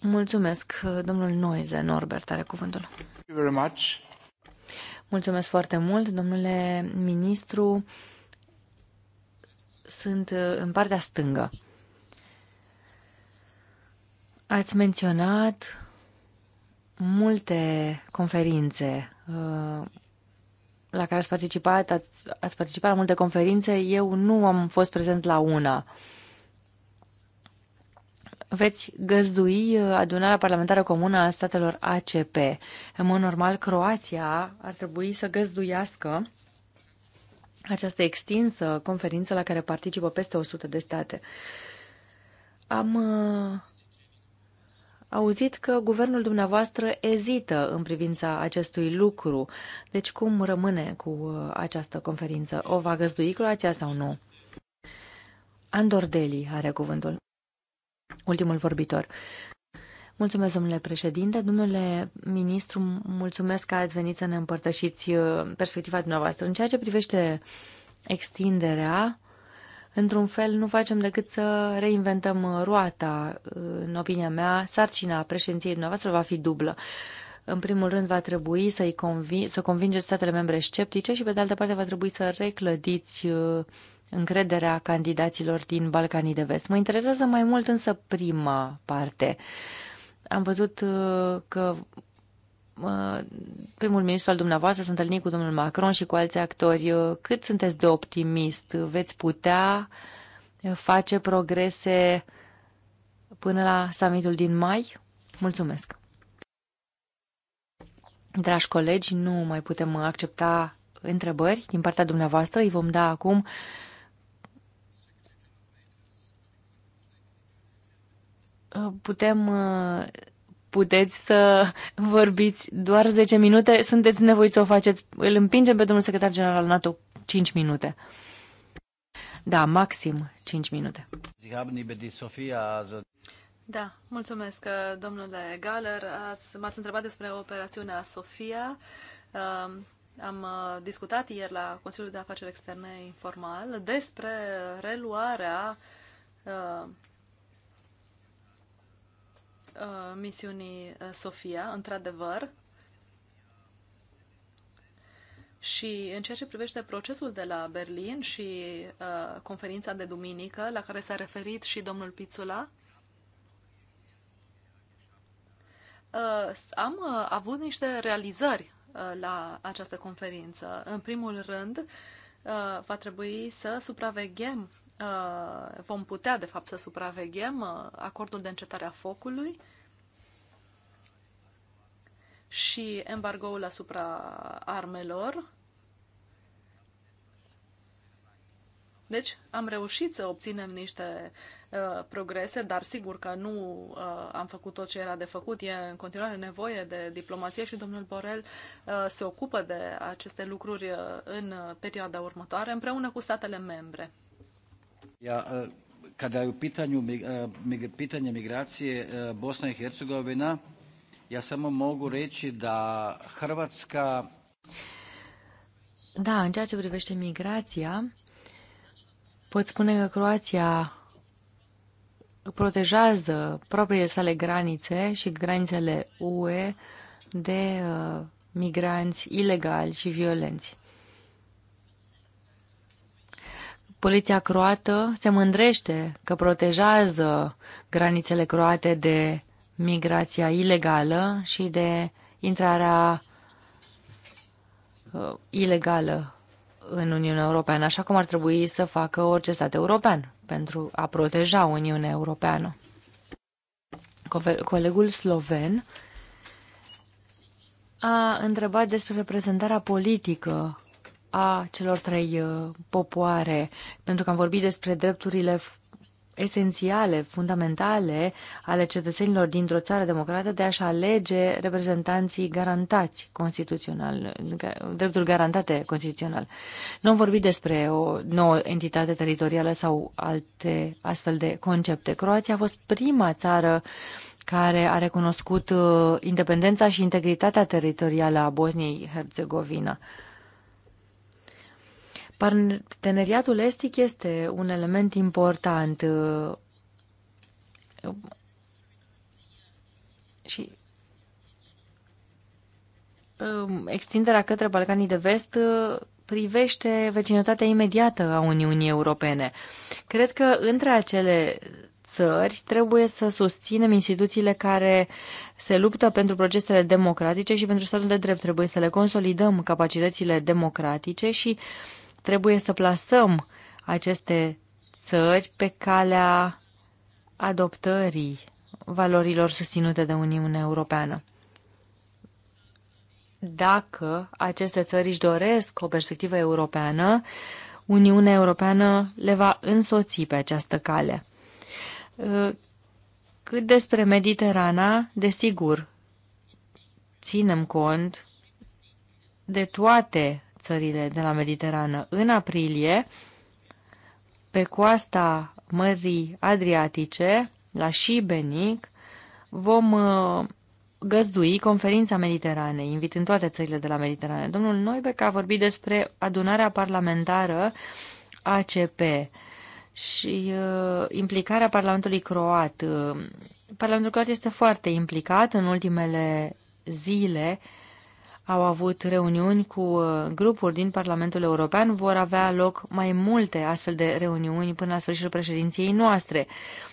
Mulțumesc, domnul Noize, Norbert, are cuvântul. Mulțumesc foarte mult, domnule ministru. Sunt uh, în partea stângă. Ați menționat multe conferințe uh, la care ați participat, ați, ați participat la multe conferințe, eu nu am fost prezent la una. Veți găzdui uh, adunarea parlamentară comună a statelor ACP. În mod normal, Croația ar trebui să găzduiască această extinsă conferință la care participă peste 100 de state. Am uh, auzit că guvernul dumneavoastră ezită în privința acestui lucru. Deci cum rămâne cu uh, această conferință? O va găzdui Croația sau nu? Andor Deli are cuvântul. Ultimul vorbitor. Mulțumesc, domnule președinte. Domnule ministru, mulțumesc că ați venit să ne împărtășiți uh, perspectiva dumneavoastră. În ceea ce privește extinderea, într-un fel, nu facem decât să reinventăm uh, roata. Uh, în opinia mea, sarcina președinției dumneavoastră va fi dublă. În primul rând, va trebui să-i convin- să convingeți statele membre sceptice și, pe de altă parte, va trebui să reclădiți uh, încrederea candidaților din Balcanii de Vest. Mă interesează mai mult însă prima parte. Am văzut că primul ministru al dumneavoastră s-a întâlnit cu domnul Macron și cu alți actori. Cât sunteți de optimist? Veți putea eh, face progrese până la summitul din mai? Mulțumesc! Dragi colegi, nu mai putem accepta întrebări din partea dumneavoastră. Îi vom da acum eh, putem eh, puteți să vorbiți doar 10 minute, sunteți nevoiți să o faceți. Îl împingem pe domnul secretar general al NATO 5 minute. Da, maxim 5 minute. Da, mulțumesc, domnule Galer. Ați, m-ați întrebat despre operațiunea Sofia. Um, am uh, discutat ieri la Consiliul de Afaceri Externe informal despre reluarea uh, Uh, misiunii uh, Sofia, într-adevăr. Și în ceea ce privește procesul de la Berlin și uh, conferința de duminică, la care s-a referit și domnul Pițula, uh, am uh, avut niște realizări uh, la această conferință. În primul rând, uh, va trebui să supraveghem Uh, vom putea, de fapt, să supraveghem uh, acordul de încetare a focului și embargoul asupra armelor. Deci am reușit să obținem niște uh, progrese, dar sigur că nu uh, am făcut tot ce era de făcut. E în continuare nevoie de diplomație și domnul Borel uh, se ocupă de aceste lucruri uh, în perioada următoare împreună cu statele membre. Ja, kada je u pitanju pitanje migracije Bosna i Hercegovina, ja samo mogu reći da Hrvatska... Da, în ceea ce privește migrația, pot spune că Croația protejează propriile sale granițe și granițele UE de uh, migranți ilegali și violenți. Poliția croată se mândrește că protejează granițele croate de migrația ilegală și de intrarea uh, ilegală în Uniunea Europeană, așa cum ar trebui să facă orice stat european pentru a proteja Uniunea Europeană. Colegul sloven a întrebat despre reprezentarea politică a celor trei uh, popoare, pentru că am vorbit despre drepturile esențiale, fundamentale ale cetățenilor dintr-o țară democrată de a-și alege reprezentanții garantați constituțional, drepturi garantate constituțional. Nu am vorbit despre o nouă entitate teritorială sau alte astfel de concepte. Croația a fost prima țară care a recunoscut uh, independența și integritatea teritorială a Bosniei-Herzegovina. Parteneriatul estic este un element important uh, și um, extinderea către Balcanii de Vest uh, privește vecinătatea imediată a Uniunii Europene. Cred că între acele țări trebuie să susținem instituțiile care se luptă pentru procesele democratice și pentru statul de drept. Trebuie să le consolidăm capacitățile democratice și uh, Trebuie să plasăm aceste țări pe calea adoptării valorilor susținute de Uniunea Europeană. Dacă aceste țări își doresc o perspectivă europeană, Uniunea Europeană le va însoți pe această cale. Uh, cât despre Mediterana, desigur, ținem cont de toate țările de la Mediterană. În aprilie, pe coasta Mării Adriatice, la Șibenic, vom uh, găzdui conferința Mediteranei, invitând toate țările de la Mediterane. Domnul Noibec a vorbit despre adunarea parlamentară ACP și uh, implicarea Parlamentului Croat. Uh, Parlamentul Croat este foarte implicat în ultimele zile uh, au avut reuniuni cu uh, grupuri din Parlamentul European, vor avea loc mai multe astfel de reuniuni până la sfârșitul președinției noastre.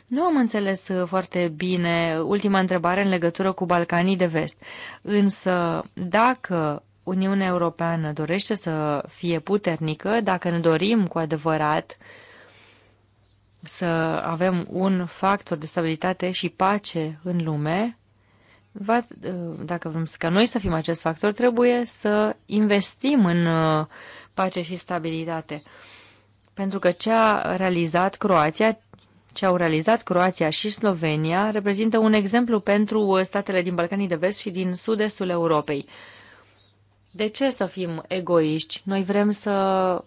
Nu am înțeles uh, foarte bine ultima întrebare în legătură cu Balcanii de Vest, însă dacă Uniunea Europeană dorește să fie puternică, dacă ne dorim cu adevărat să avem un factor de stabilitate și pace în lume, va, dacă vrem ca noi să fim acest factor, trebuie să investim în uh, pace și stabilitate. Pentru că ce a realizat Croația, ce au realizat Croația și Slovenia, reprezintă un exemplu pentru uh, statele din Balcanii de Vest și din sud-estul Europei. De ce să fim egoiști? Noi vrem să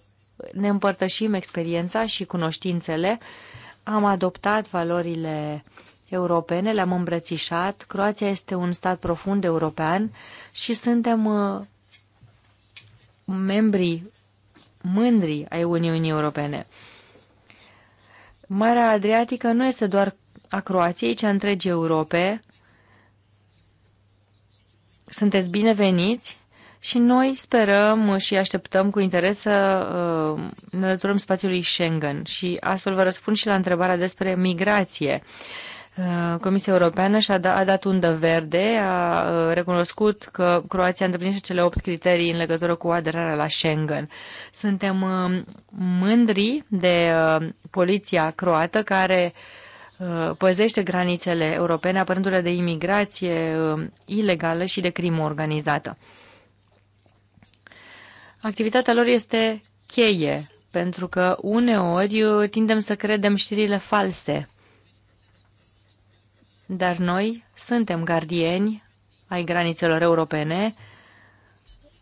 ne împărtășim experiența și cunoștințele. Am adoptat valorile uh, europene, le-am îmbrățișat. Croația este un stat profund european și suntem uh, membrii mândri ai Uniunii Europene. Marea Adriatică nu este doar a Croației, ci a întregii Europe. Sunteți bineveniți și noi sperăm și așteptăm cu interes să uh, ne alăturăm spațiului Schengen. Și astfel vă răspund și la întrebarea despre migrație. Uh, Comisia Europeană și-a da, a dat undă verde, a uh, recunoscut că Croația îndeplinește cele opt criterii în legătură cu aderarea la Schengen. Suntem uh, mândri de poliția croată care păzește granițele europene apărându-le de imigrație ilegală și de crimă organizată. Activitatea lor este cheie, pentru că uneori tindem să credem știrile false dar noi suntem gardieni ai granițelor europene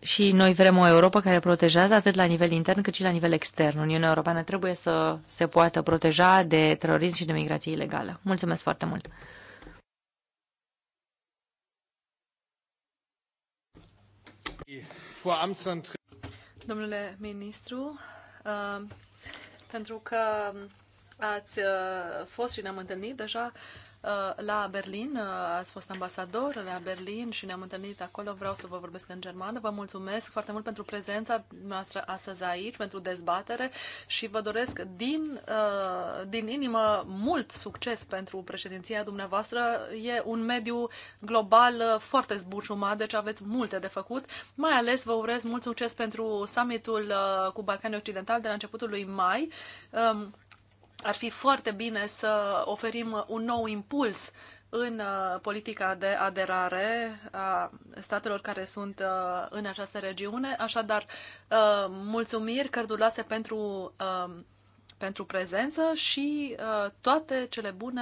și noi vrem o Europa care protejează atât la nivel intern cât și la nivel extern. Uniunea Europeană trebuie să se poată proteja de terorism și de migrație ilegală. Mulțumesc foarte mult! Domnule ministru, uh, pentru că ați uh, fost și ne-am întâlnit deja, Uh, la Berlin, uh, ați fost ambasador la Berlin și ne-am întâlnit acolo. Vreau să vă vorbesc în germană. Vă mulțumesc foarte mult pentru prezența noastră astăzi aici, pentru dezbatere și vă doresc din, uh, din inimă mult succes pentru președinția dumneavoastră. E un mediu global foarte zbuciumat, deci aveți multe de făcut. Mai ales vă urez mult succes pentru summitul cu Balcanii Occidental de la începutul lui mai. Um, ar fi foarte bine să oferim un nou impuls în uh, politica de aderare a statelor care sunt uh, în această regiune. Așadar, uh, mulțumiri cărduloase pentru, pentru prezență și toate cele bune